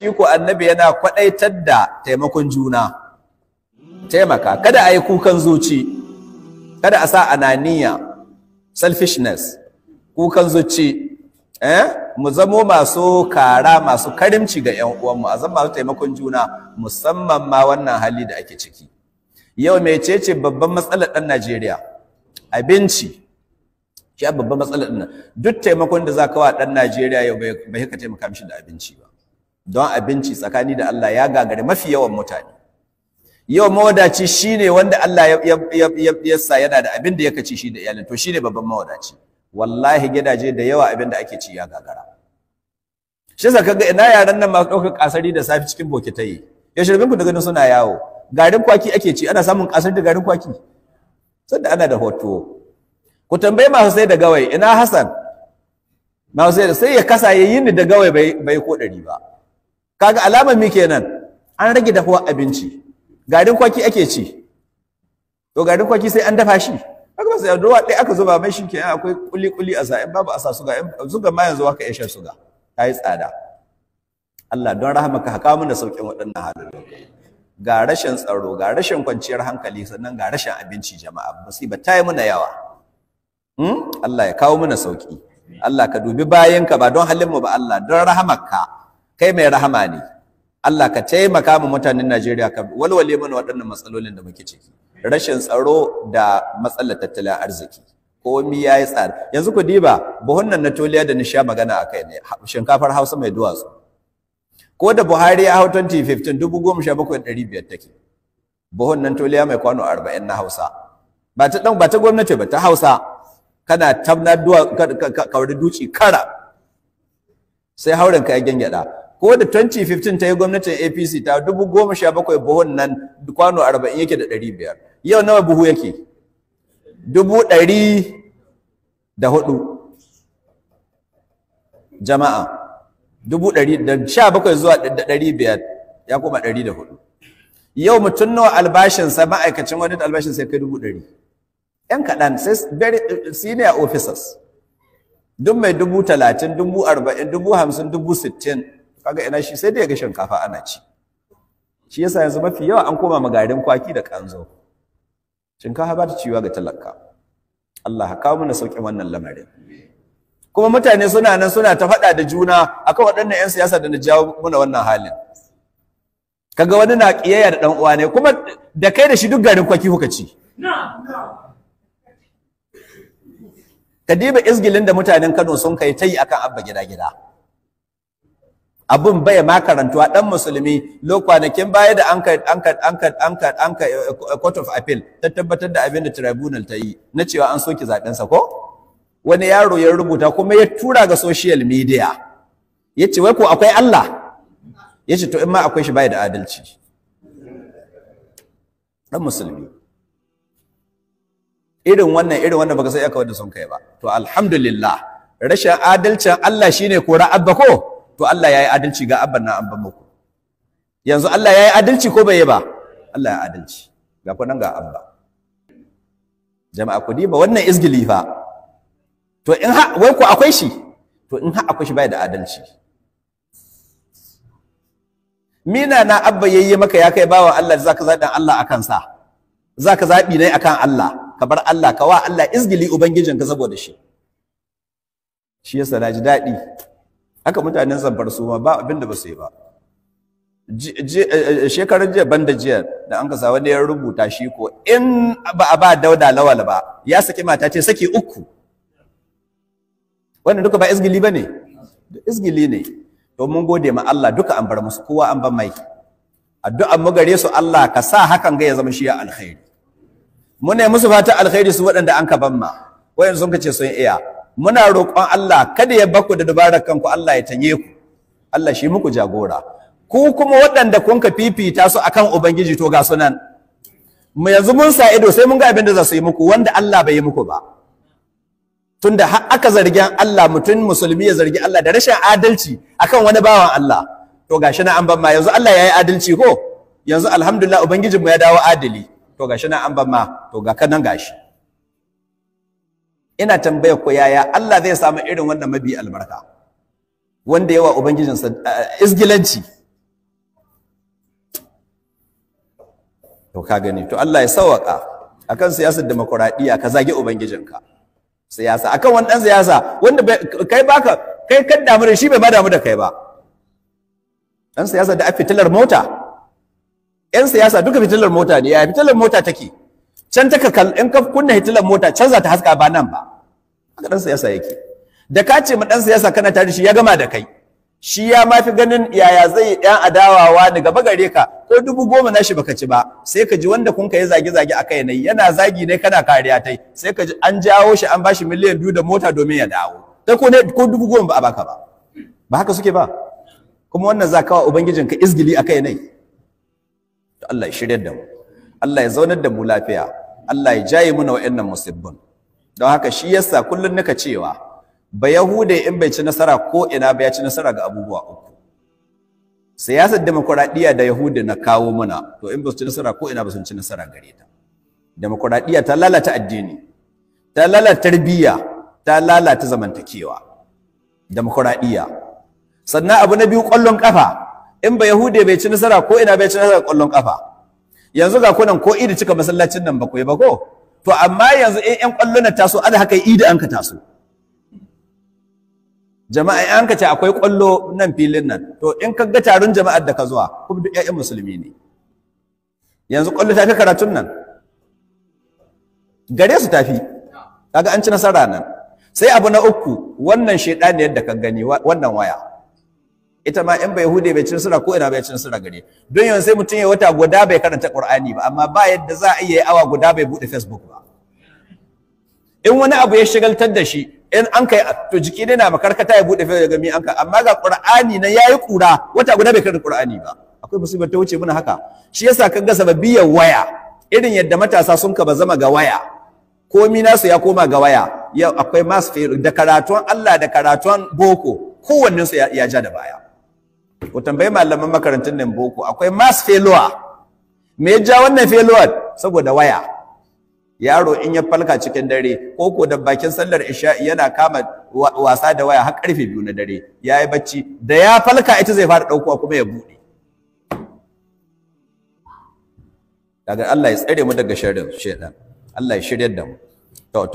shi annabi yana kwadaitar da taimakon juna taimaka kada a yi kukan zuci kada a sa ananiya selfishness kukan zuci eh mu zamo masu kara masu karimci ga yan uwanmu a zama masu taimakon juna musamman ma wannan hali da ake ciki yau mecece babban matsalar dan Najeriya abinci ya babban matsalar nan duk taimakon da za ka wa dan Najeriya yau bai ka taimaka mishi da abinci ba don abinci tsakani da Allah ya gagare mafi yawan mutane yau mawadaci shi ne wanda Allah ya sa yana da abin da ya kaci shi da iyalin to ne babban mawadaci wallahi gidaje da yawa abin da ake ci ya gagara shi sa kaga ina yaran nan masu ɗaukar kasari da safi cikin bokitai ya shirbin ku da ganin suna yawo garin kwaki ake ci ana samun kasar da garin kwaki sanda ana da hoto ku tambayi masu sai da gawai ina Hassan masu sai da sai ya kasa yayin da gawai bai ko ɗari ba kaga alamar mi kenan an rage dafuwa abinci garin kwaki ake ci to garin kwaki sai an dafa shi haka ba sai ruwa ɗaya aka zuba mai shi ke akwai kuli kuli a sa babu a sa suga in suga ma yanzu haka ya shan suga ta yi tsada Allah don rahama ka kawo mana saukin waɗannan halin ga rashin tsaro ga rashin kwanciyar hankali sannan ga rashin abinci jama'a musiba ta yi muna yawa hmm? Allah ya kawo mana sauki Allah ka dubi bayanka ba don halin mu ba Allah don rahamarka kai mai rahama ne Allah ka taimaka mu mutanen Najeriya ka walwale mana waɗannan matsalolin da muke ciki rashin tsaro da matsalar tattalin arziki komi ya tsari yanzu ku diba buhun nan na toliya da nisha magana a ne shinkafar hausa mai duwatsu ko da buhari ya hau 2015 dubu goma sha bakwai ɗari take buhun nan toliya mai kwano arba'in na hausa ba ta dan ba ta gwamnati ba ta hausa kana tabna duwa kawar duci kara sai hauren ka ya gyangyaɗa ko da 2015 ta yi gwamnatin apc ta dubu goma sha bakwai buhun nan kwano arba'in yake da ɗari biyar yau nawa buhu yake dubu ɗari da hudu jama'a dubu ɗari da sha bakwai zuwa da ɗari biyar ya koma ɗari da hudu yau mutum nawa albashinsa ma'aikacin wani albashin sai kai dubu ɗari ‘yan kaɗan sai senior officers duk mai dubu talatin dubu arba'in dubu hamsin dubu sittin kaga ina shi sai dai ya ga shinkafa ana ci shi yasa yanzu mafi yawa an koma magarin kwaki da kanzo shinkafa ba ta ciwa ga talaka Allah ka kawo mana wannan lamarin kuma mutane suna nan suna ta faɗa da juna akan waɗannan 'yan siyasa da na jawo muna wannan halin kaga wani na ƙiyayya da ɗan uwa ne kuma da kai da shi duk garin kwaki kuka ci ka diba izgilin da mutanen Kano sun kai ta akan abba gida gida abun bai ma karantuwa dan musulmi lo kwanakin baya da an anka eh, eh, court of appeal ta tabbatar da abin da tribunal ta yi na cewa an soke zaben sa ko wani yaro ya rubuta kuma ya tura ga social media yace wai ko akwai Allah yace to in ma akwai shi bai da adalci dan musulmi irin wannan irin wannan baka sai aka wanda sun kai ba to alhamdulillah rashin adalcin Allah shine ko ra'abba ko to Allah ya yi adalci ga abban na an ban muku yanzu Allah ya yi adalci ko bai yi ba Allah ya adalci ga kuɗin ga abba jama'a ku ba wannan izgili fa to in ha wai ku akwai shi to in ha akwai shi bai da adalci mina na abba yayi maka ya kai bawa Allah zaka zaɓi Allah akan sa zaka zaɓi ne akan Allah ka bar Allah ka wa Allah izgili ubangijinka saboda shi shi yasa na ji daɗi haka mutanen bar su ba abin ba su yi ba eh, eh, eh, shekarar jiya banda jiya da an kasa wani ya rubuta shi ko in ba a ba dauda lawal ba ya saki mata ce saki uku wannan duka ba izgili ba ne izgili ne to mun gode ma Allah duka an bar musu kowa an ban mai addu'an mu gare su Allah ka sa hakan ga ya zama shi alkhairi mun ne musu fata alkhairi su waɗanda an ka ban ma wayan sun ka ce sun iya muna roƙon Allah kada ya baku da dubarar kanku Allah ya tanye ku Allah shi muku jagora ku kuma waɗanda kun ka fifita su akan ubangiji to ga sunan mu yanzu mun sa ido sai mun ga abin da za su yi muku wanda Allah bai yi muku ba tunda har aka zargin Allah mutum musulmi ya zargi Allah da rashin adalci akan wani bawan Allah to gashi na an ban ma yanzu Allah ya yi adalci ko yanzu alhamdulillah ubangijinmu ya dawo adali to gashi na an ban ma to ga kanan gashi ina tambayar ku yaya Allah zai samu irin wannan mabi albarka wanda yawa ubangijinsa eh, isgilanci to ka gani to Allah ya sawaka akan siyasar demokradiya ka zage ubangijinka siyasa akan wani dan siyasa wanda kai baka kai kan damu da shi bai ba damu da kai ba dan siyasa da fitilar mota yan siyasa duka fitilar mota ne ya fitilar mota take can ta kakal in ka kunna hitilar mota can za ta haska ba nan ba haka dan siyasa yake da ka ce ma dan siyasa kana tare shi ya gama da kai shi ya ma fi ganin yaya zai yan adawawa da gaba gare ka ko dubu goma nashi baka ci ba sai ka ji wanda kun yi zage zage akai ne yana zagi ne kana kariya tai sai ka ji an jawo shi an bashi miliyan biyu da mota domin ya dawo kai ko ne ko dubu goma ba a baka ba ba haka suke ba kuma wannan za wa ubangijinka izgili akai ne to Allah ya shiryar da mu Allah ya zaunar da mu lafiya Allah ya jaye muna wa'annan musibbin don haka shi yasa kullun nika cewa ba yahude in bai ci nasara ko ina ba ya ci nasara ga abubuwa uku siyasar demokuraɗiyya da yahude na kawo muna to in ba su ci nasara ko ina ba sun ci nasara gare ta demokuraɗiyya ta lalata addini ta lalata tarbiyya ta lalata zamantakewa demokuraɗiyya sannan abu na biyu ƙwallon ƙafa in ba yahude bai ci nasara ko ina bai ci nasara ƙwallon ƙafa yanzu ga kunan ko idi cika masallacin nan ba ku yi ba ko to amma yanzu in ƴan ƙwallo na taso ala haka idi an ka taso jama'a in an ka ce akwai ƙwallo nan filin nan to in ka ga taron jama'ar da ka zuwa kuma duk ƴaƴan musulmi ne yanzu ƙwallo ta fi karatun nan gare su tafi kaga an ci nasara nan sai abu na uku wannan shaidani yadda ka gani wannan waya ita ma bai bayahude bai cin sura ko ina bai cin sura gare don yanzu sai mutum ya wata guda bai karanta qur'ani ba amma ba yadda za a iya awa guda bai bude facebook ba in wani abu ya shigaltar da shi in an kai to jiki ne na makarkata ya bude facebook ga mi an ka amma ga qur'ani na yayi kura wata guda bai karanta qur'ani ba akwai musibar ta wuce muna haka shi yasa kan ga sababbiyar waya irin yadda matasa sun ka zama ga waya komi nasu ya koma ga waya yau akwai masu da karatun Allah da karatun boko kowannensu ya ja da baya ku tambayi malaman makarantun nan boko akwai mass failure me ya ja wannan failure saboda waya yaro in ya falka cikin dare ko ko da bakin sallar isha yana kama wasa da waya har karfe biyu na dare yayi bacci da ya falka ita zai fara daukowa kuma ya bude daga Allah ya tsare mu daga sharrin shedan Allah ya shiryar da mu to